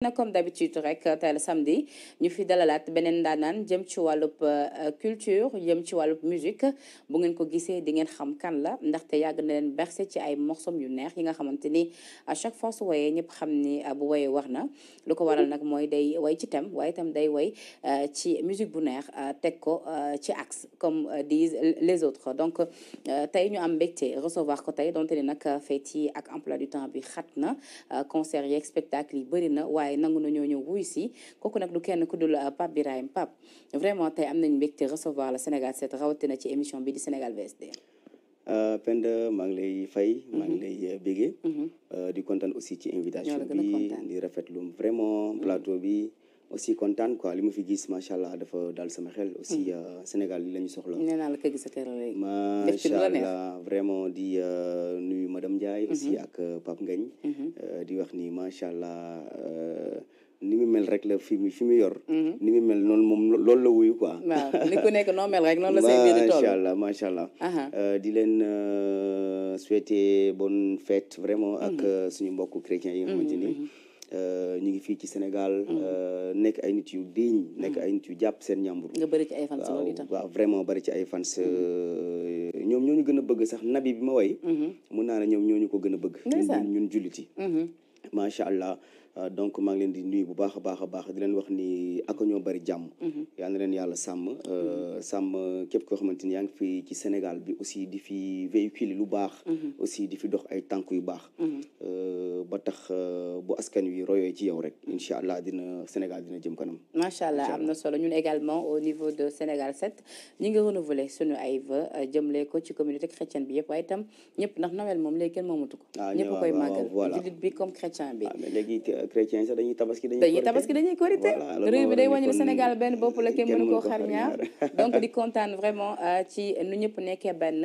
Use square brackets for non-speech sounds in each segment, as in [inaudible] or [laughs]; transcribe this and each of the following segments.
na comme d'habitude rek euh, tey la samedi ñu fi dalalaat beneen ndaanaan jëm ci wàllub euh, culture jëm ci wàllub musique bu ngeen ko gisee di ngeen xam kan la ndaxte yàgg na leen bercé ci ay morsom yu neex yi nga xamante ni à chaque fois su woyee ñëpp xam ni euh, bu woyee wax na lu ko waral nag mooy day way ci thème waaye itam day way ci musique bu neex teg ko ci axe comme disent les autres donc tey ñu am mbégte recevoir ko tey donte ni nag fête yi ak emploi du bi xat na concert yeeg yi bëri na gars yi nangu na ñoo ñëw wuy si kooku nag du kenn ku dul euh, Pape Birahim Pape vraiment tey am nañ mbégte recevoir la Sénégal 7 rawatina ci émission bi di Sénégal VSD euh, Penda maa ngi lay fay maa mhm. lay euh, bége mhm. di kontaan aussi ci invitation bi di rafetlu vraiment mhm. plateau bi aussi kontaan quoi li ma fi gis macha allah dafa daal sama xel. aussi mm. euh, Sénégal di la ñu soxla. nee naa la ko gisatee rek. macha allah vraiment di euh, nuyu madame Ndiaye. Mm-hmm. aussi ak euh, Pape Ngagne. Mm-hmm. di wax ni macha allah. ni mu mel rek la fi mu fi mu yor. Mm-hmm. ni mu mel noonu moom loolu la wuyu quoi. waaw ni ku nekk noo mel rek noonu la say mbir toll. macha allah di leen souhaiter bonne fête vraiment ak suñu mbokku chrétiens yi nga xamante ni. Euh, ñu ngi fii ci Sénégal. Mm. Euh, nekk ay nit yu diñ nekk mm. ay nit yu jàpp seen ñàmbur. nga bëri ci ay fans loolu itam vraiment bëri ci ay fans. Mm. Euh, ñoom ñoo ñu gën a bëgg sax nabi bi ma way. Mm-hmm. mun naa ne ñoom ñoo ñu ko gën a bëgg. ñun ñun jullit yi. Mm-hmm. macha allah. Euh, donc maa ngi leen di nuyu bu baax a baax a baax ni ak ñoo bari jàmm. Mhm. yal na leen yàlla sàmm. Euh, mhm. sàmm képp koo xamante ni yaa ngi fi ci Sénégal bi aussi di fi véhiculer lu baax. Mhm. aussi di fi dox ay tànk yu baax. Euh, ba tax bu askan wi royee ci yow rek incha dina Sénégal dina jëm kanam. macha allah am na solo ñun également au niveau de Sénégal 7 ñu ngi renouveler sunu ay vœux jëmle ko ci communauté chrétienne bi yëpp waaye tam ñëpp ndax Noël moom léegi kenn moomatu ko. Ah, ñëpp koy màggal jullit bi comme chrétien bi. Ah, chrétien sax dañuy tabaski dañuy tabaski dañuy korité réew mi day wàññi Sénégal benn bopp la kenn mënu koo xar donc di [laughs] kontaan vraiment euh, ci nu ñëpp nekkee benn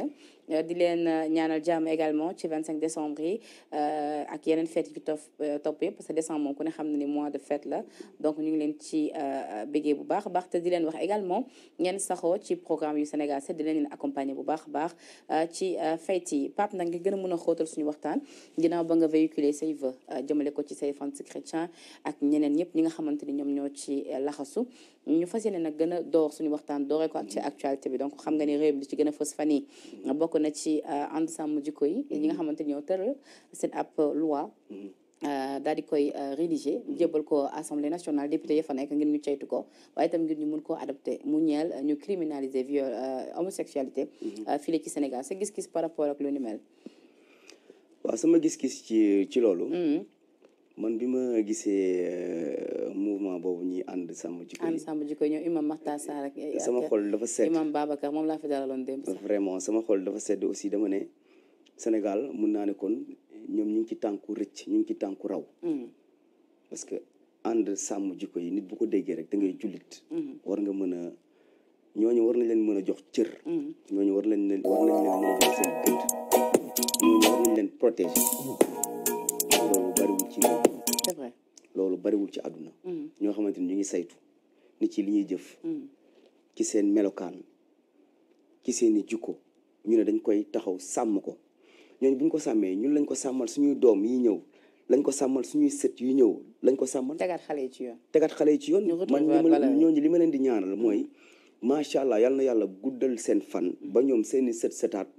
Euh, di leen euh, ñaanal jàmm également ci 25 décembre yi euh, ak yeneen fête yi topp topp yëpp parce que décembre moom ku ne ni mois de fête la donc ñu ngi leen ci béggee bu baax a te di leen wax également ngeen saxoo ci programme yu Sénégal 7 di leen leen accompagner bu baax a baax ci fête yi Pape nag nga gën a mën a xóotal suñu waxtaan ginnaaw ba nga véhiculer say vœux jëmale ko ci say fans chrétiens ak ñeneen ñëpp ñi nga xamante ni ñoom ñoo ci laxasu ñu fas yéene nag gën a door suñu waxtaan dooree ko ak ci actualité bi donc xam nga ni réew mi ci gën a fës ko na ci euh, ànd sàmm jikko yi nga mm-hmm. xamante ñoo tëral seen ab euh, loi mm-hmm. euh, daal di koy rédiger mm-hmm. jébbal ko assemblée nationale député ya fa nekk ngir ñu ceytu ko waaye itam ngir ñu mun koo adopté mu ñeel ñu criminaliser viol homosexualité fii ci Sénégal sa gis-gis par rapport ak lu ni mel waaw sama gis-gis ci loolu man bi ma gisee euh, mouvement boobu ñuy ànd sàmm jikko yi ànd sàmm jikko yi ñoom imam Makhtar sama xol dafa sedd imam Babacar moom laa fi dalaloon démb vraiment sama xol dafa sedd aussi dama ne Sénégal mun naa ne kon ñoom ñu ngi ci tànku rëcc ñu ngi ci tànku raw mm. que ànd sàmm jikko yi nit bu ko déggee rek da ngay jullit mm. war nga mën a ñooñu war na leen mën a jox cër mm. ñooñu war leen war nañ leen mën a ci loolu bariwul ci àdduna mm. ñoo xamante ni ñu ngi saytu nit ci li ñuy jëf mm. ci seen melokaan ci seen i jikko ñu ne dañ koy taxaw sàmm ko ñooñu bu ñu ko sàmmee ñun lañ ko sàmmal suñuy doom yi ñëw lañ ko sàmmal ñuy sët yu ñëw lañ ko sàmmal tegaat xale yi ci yoon xale yi ci yoon man ñooñu li ma leen di ñaanal mooy mm. macha allah yal na yàlla guddal seen fan ba ñoom seeni i sët sëtaat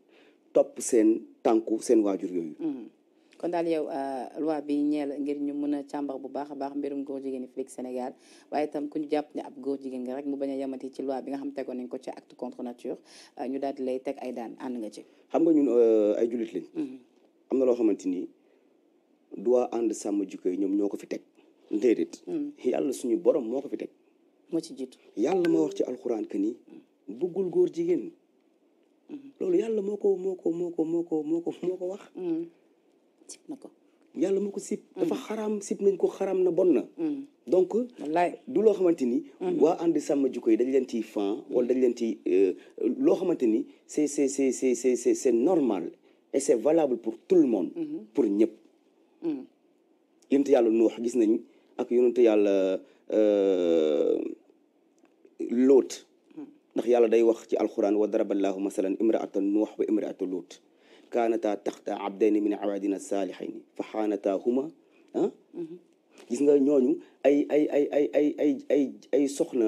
topp seen tànku seen waajur yooyu kon daal yow euh, loi bi ñeel ngir ñu mën a càmbar bu baax a baax mbirum góor jigéen yi fii Sénégal waaye tam ku ñu jàpp ne ab góor jigéen nga rek mu bañ a yamati ci loi bi nga xam tegoon nañ ko ci acte contre nature euh, ñu daal di lay teg ay daan ànd nga ci. xam nga ñun euh, ay jullit lañ. Mm-hmm. am na loo xamante ni doit ànd sàmm jikko yi ñoom ñoo ko fi teg. déedéet. Mm-hmm. yàlla suñu borom moo ko fi teg. moo ci jiitu yàlla ma wax ci alxuraan que ni mm-hmm. bëggul góor jigéen. loolu yàlla moo ko moo ko moo ko moo ko sib yàlla moo ko sib mm. dafa xaram sib nañ ko xaram na bon na mm. donc wallaay du loo xamante ni mm. waa ànd sàmm jikko yi dañ leen ciy fan wala dañ leen ciy euh, loo xamante ni c'est c'est c'est normal et c'est valable pour tout le monde mm-hmm. pour ñëpp yonent yàlla nuux gis nañ ak yonent yàlla euh, lóot ndax yàlla day wax ci alxuraan wa daraballaahu masalan imraata nuux wa imraata lóot kaanataa taxta abdayni min abaadina saalihayni fa xaanataa huma ah gis nga ñooñu ay ay ay ay ay ay ay ay soxna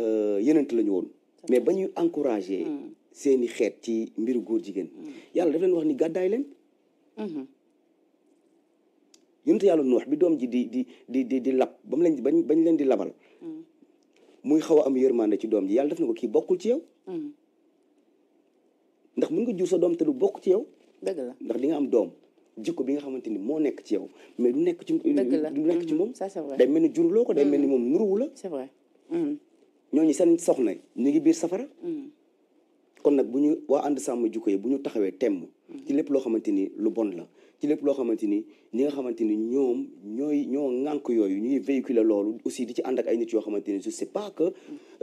euh, yenent la ñu woon mais ba ñuy encouragé mm. seeni xeet ci mbiru góor jigéen mm. yàlla daf leen wax ni gàddaay leen mm-hmm. yonent yàlla nuux bi doom ji di di di di di lab ba mu leen bañ bañ leen di labal mm. muy xaw a am yërmande ci doom ji yàlla def na ko kii bokkul ci yow ndax mun nga jur sa doom te lu bokk ci yow. dëgg la ndax di nga am doom jikko bi nga xamante ni moo nekk ci yow mais du nekk ci. dëgg la du moom. ça c'est vrai day mel ni juruloo ko day mel ni mm. moom nuruwu la. c'est vrai. Mm. ñooñu seen soxna ñu ngi biir safara. Mm. kon nag bu ñu waa ànd sàmm jikko yi bu ñu taxawee temm. ci lépp loo xamante ni lu bon la. ci lépp loo xamante ni ñi nga xamante ni ñoom ñooy ñoo ngànk yooyu ñuy véhiculer loolu aussi di ci ànd ak ay nit yoo xamante ni je sais pas que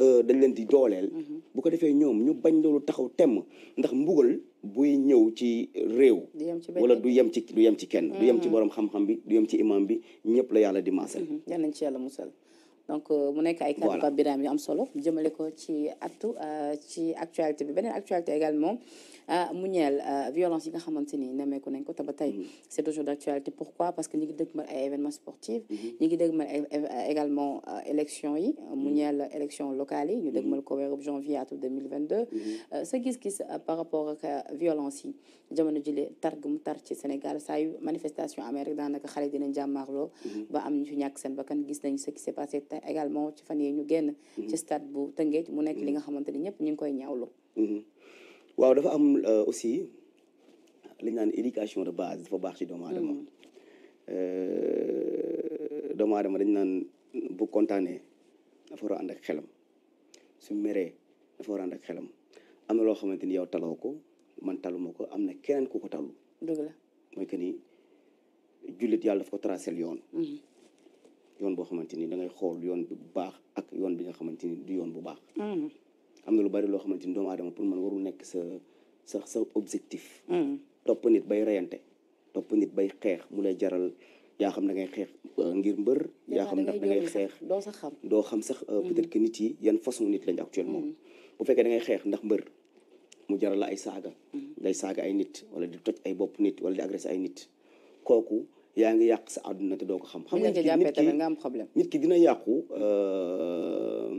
euh, dañ leen di dooleel mm-hmm. bu ko defee ñoom ñu bañ loolu taxaw temm ndax mbugal buy ñëw ci réew wala du yem ci du yem ci kenn du yem ci mm-hmm. borom xam-xam bi du yem ci imam bi ñëpp la yàlla di maasal mm-hmm. yal nañ ci yàlla musal donc euh, mu nekk ay kàddu Pape Birame yu am solo jëmale ko ci attu euh, ci actualité bi beneen actualité également euh, mu ñeel violence yi nga xamante ni nemmeeku nañ ko te ba tey mm-hmm. c'est toujours d'actualité pourquoi parce que ñi ngi dëgmal ay événements sportifs mm-hmm. ñi ngi dëgmal également élection yi mm-hmm. mu ñeel élection locale yi ñu dëgmal ko weerub janvier atum 2022 sa gis-gis par rapport ak violence yi jamono jile tar gu tar ci Sénégal saa yu manifestation amee rek daanaka xale dinañ jàmmaarloo ba am ñu fi ñàkk seen gis nañ ce qui matin également ci fan yi ñu génn mm-hmm. ci stade bu Tëngéej mu nekk li nga mm-hmm. xamante ni ñëpp ngi koy ñaawlu mm-hmm. waaw dafa am euh, aussi li naan éducation de base dafa baax ci doomu aadama euh, doomu aadama dañu naan bu kontaanee dafa war a ànd ak xelam su meree dafa war a ànd ak xelam am na loo xamante ni yow taloo ko man taluma ko am na keneen ku ko talu dëgg la mooy que ni jullit yàlla daf ko tracé yoon yoon boo xamante ni da ngay xool yoon bu baax ak yoon bi nga xamante ni du yoon bu baax mm. am na lu bari loo xamante ni doomu adama pour man waru nekk sa sa sa objectif mm. topp nit bay reyante topp nit bay xeex mu lay jaral yaa xam da ngay xeex euh, ngir mbër yaa xam ndax da ngay xeex doo sax xam doo xam sax euh, mm. peut-être que nit yi yan façon nit lañ actuellement bu fekkee da ngay xeex ndax mbër mu jaral la ay saaga ngay saaga ay nit wala di toj ay bopp nit wala di agressé ay nit kooku yaa ngi yàq sa àdduna te doo ko xam. xam nga nit ki nga am problème. nit ki dina yàqu euh,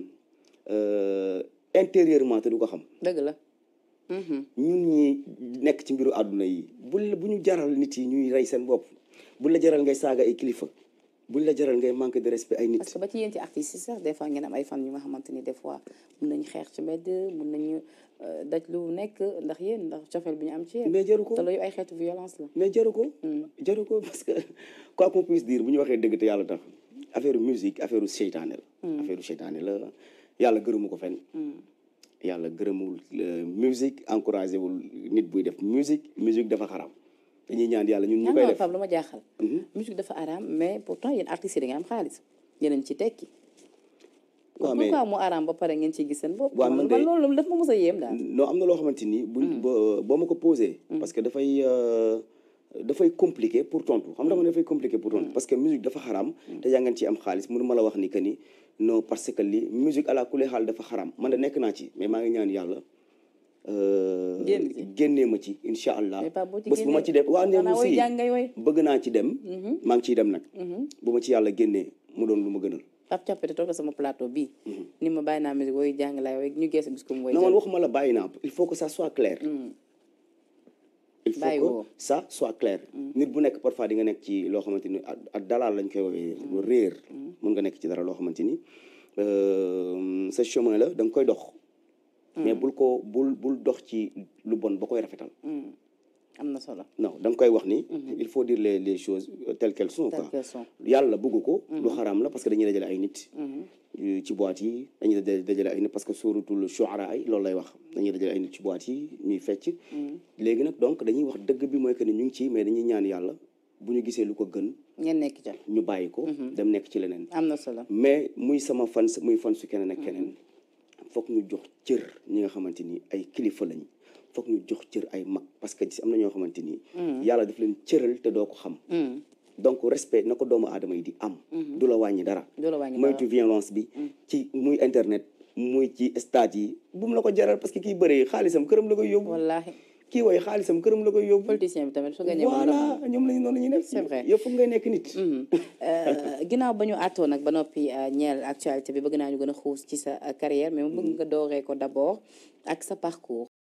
euh, intérieurement te du ko xam. dëgg la. Mhm. ñun ñi nekk ci mbiru àdduna yi bu bu ñu jaral nit yi ñuy rey seen bopp bu la jaral ngay saaga ay kilifa. buñ la jaral ngay manque de respect ay nit. parce que ba ci yéen ci artistes yi sax des fois ngeen am ay fan yu nga xamante ni des fois mun nañu xeex euh, nekk ndax yéen ndax cofeel bi ñu am ci yéen. jaru ko te loolu ay xeetu mais jaru ko. Hmm. jaru ko parce que [laughs] quoi qu'on puisse bu ñu waxee dëgg te yàlla tax affaire musique affaire seytaane la. Hmm. affaire seytaane la yàlla gërëmu ko fenn. Hmm. yàlla gërëmul euh, musique encouragé wul nit buy def musique musique dafa xaram. dañuy ñaan yàlla ñun ñu koy def lu ma jaaxal mhm. musique dafa araam mais pourtant yéen artistes yi am xaalis yéen ci ba pare ngeen ciy gis seen bopp waaw man loolu daf ma a yéem am loo xamante ni buñ mhm. boo ma ko posé mhm. parce que dafay euh, dafay compliqué pour tontu xam nga man dafay compliqué pour tontu parce que musique dafa xaraam te yaa ngeen xaalis mënu ma wax ni que ni non parce que li musique à xaal dafa xaraam man da nekk naa ci mais maa ngi ñaan yàlla Euh, génnee ma ci incha allah bés bu ma ci dem waa ne si bëgg naa ci dem mm-hmm. maa ngi ciy dem nag mm-hmm. bu ma ci yàlla génnee mu doon lu ma gënal Pape Thiampete sama plateau bii mm-hmm. ni ma bàyyi naa musique wooyu jàng laay wooyu ñu gees gis ko mu wooyu non man waxuma la bàyyi naa il faut que ça soit clair mm. il faut que ça soit clair mm. nit bu nekk parfois di nga nekk ci loo xamante ni ak dalaal lañ koy woowee mm. réer mun nga nekk ci dara loo xamante ni euh, sa chemin la danga koy dox Mm. mais bul ko bul bul dox ci lu bon ba koy rafetal. Mm. am na solo non da nga koy wax ni. Mm-hmm. il faut dire les les chose telles qu'elles sont yàlla bëgg ko. lu mm-hmm. xaraam la parce que dañuy dajale ay nit. Mm-hmm. ci boîte yi dañuy dajale ay nit parce que suuratul shuara ay loolu lay wax dañuy dajale nit ci boîte yi ñuy fecc. léegi nag donc dañuy wax dëgg bi mooy que ni ñu ngi ci mais dañuy ñaan yàlla bu ñu gisee lu ko gën. ngeen nekk ca ñu bàyyi ko. dam nekk ci leneen. am na solo mais muy sama fan muy fan su keneen ak keneen. foog ñu jox cër ñi nga xamante ni ay kilifa lañ foog ñu jox cër ay mag parce que gis am na ñoo xamante ni. Mm. yàlla daf leen cëral te doo ko xam. Mm. donc respect na ko doomu aadama yi di am. Mm-hmm. du la wàññi dara. du la wàññi dara moytu violence bi. Mm. ci muy internet muy ci stade yi bu mu la jaral parce que kiy xaalisam këram la koy yóbbu. kii way xaalisam këram la koy yóbbu. politicien bi tamit su gañee voilà ñoom la ñu noonu ñu def. c'est vrai yow foog ngay nekk nit. Mm-hmm. Euh, ginnaaw ba ñu àttoo nag ba noppi euh, ñeel actualité bi bëgg naa ñu gën a xuus ci sa euh, carrière mais mu bëgg nga dooree ko d'abord ak sa parcours.